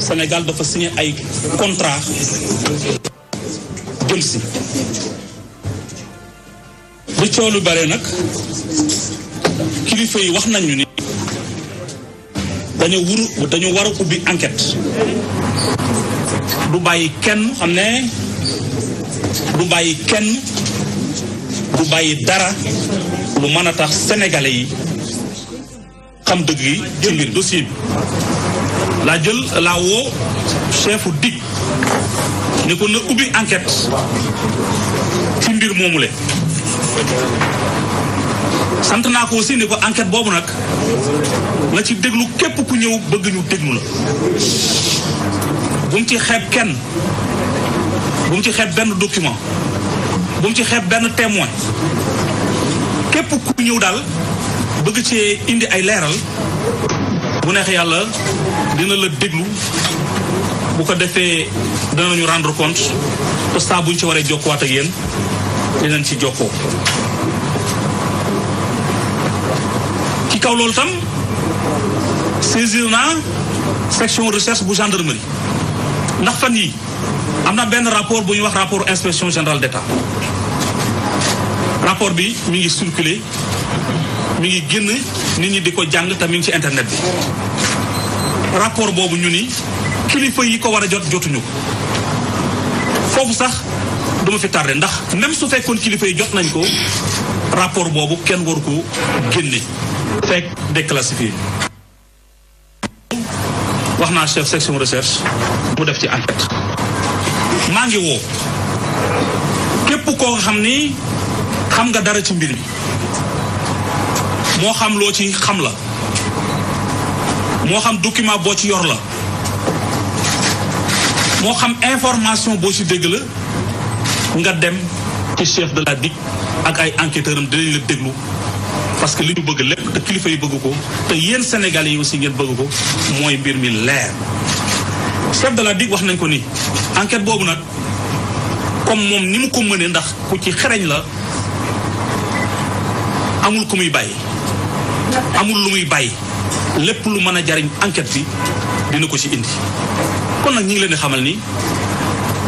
Sénégal dafa signé ay contrat jël si li coow lu bare nag kilifa yi wax nañu ni dañu wuru war a ubbi enquête du bàyyi kenn xam ne du bàyyi kenn du bàyyi dara lu mën a tax sénégalais yi xam dëgg yi ci mbir dossier bi laa jël laa woo chefu dig ne ko na ubbi enquête ci mbir moomu le sant naa ko aussi ne ko enquête boobu nag na ci déglu képp ku ñëw bëgg ñu déglu la bu mu ci xeeb kenn bu mu ci xeeb benn document bu mu ci xeeb benn témoin képp ku ñëw daal bëgg ci indi ay leeral bu neex yàlla dina la déglu bu ko defee danañu rendre compte te saa buñ ci waree jokkuwaat ak yéen dinañ ci jokkoo ci kaw loolu tam saisir naa section recherche bu gendarmerie ndax fan yi am na benn rapport bu wax rapport inspection générale d'État rapport bi mi ngi circulé mi ngi genn nit ñi diko jang ta mi ngi ci internet bi rapport bobu ñu ni kilifa yi ko wara jot jotuñu ko foofu sax duma fi tardé ndax même su fekkon kilifa yi jot nañ ko rapport bobu kenn war ko genn fek déclassifier waxna chef section recherche mu def ci enquête ma ngi wo képp koo xam ni xam nga dara ci mbir mi moo xam loo ci xam la moo xam document boo ci yor la moo xam information boo ci dégg la nga dem ci chef de la DIC ak ay enquêteurs am dinañ la déglu parce que li ñu bëgg lépp te kilifa yi bëgg ko te yéen Sénégalais yi aussi ngeen bëgg ko mooy mbir mi leer. chef de la DIC wax nañ ko ni enquête boobu nag comme moom ni mu ko mënee ndax ku ci xereñ la amul ko muy bàyyi. amul lu muy bàyyi lépp lu mën a jariñ enquête bi dina ko ci indi kon nag ñu ngi leen xamal ni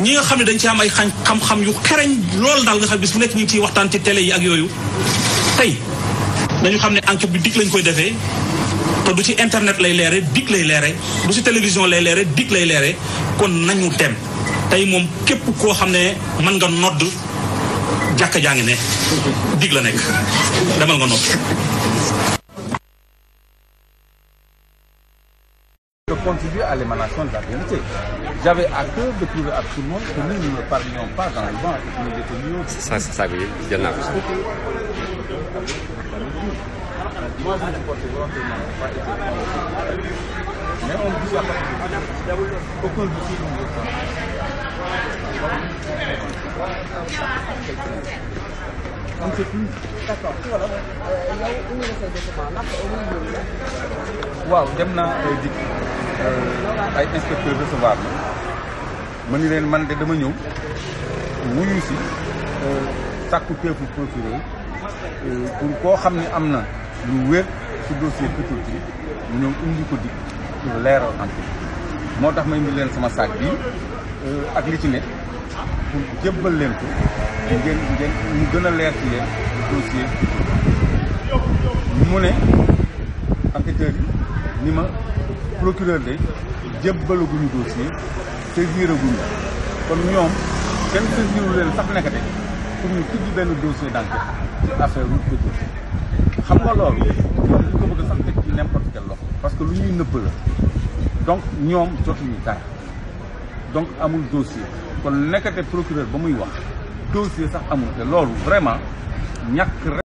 ñi nga xam ne dañ ci am ay xam-xam yu xereñ loolu daal nga xam bi su nekk ñu ngi ciy waxtaan ci télé yi ak yooyu tey dañu xam ne enquête bi dig lañ koy defee te du ci internet lay leere digg lay leere du ci télévision lay leere digg lay leere kon nañu dem tey moom képp koo xam ne mën nga nodd jàkk jaa ngi ne dig la nekk demal nga nodd contribuer à l'émanation de la vérité. J'avais à cœur de prouver absolument que nous ne parlions pas dans le vent et que nous détenions. C'est ça, c'est ça, oui. Il y Moi, je ne porte pas Mais on aucun On euh, ne j'aime Euh, ay inspecteur recevoir la ma ni leen man de dama ñëw wuyu si euh, sàkku teefu procureur euh, pour koo xam ne am na lu wér ci dossier Petite Ville ñoom indi ko di pour leeral enquête moo tax ma indi leen sama sac bi ak li ci ne pour jébbal leen ko ngeen ngeen mu gën a leer ci leen dossier mu ne enquêteurs yi ni ma procureur de jébbalaguñu dossier saisiraguñu kon ñoom kenn saisiru leen sax nekkate pour ñu benn dossier d'enquête ci affaire wu xam nga loolu ñu ko bëgg a sax teg ci n'importe quel loxo parce que lu ñuy nëbb la donc ñoom jotuñu dara donc amul dossier kon nekkate procureur ba muy wax dossier sax amul te loolu vraiment ñàkk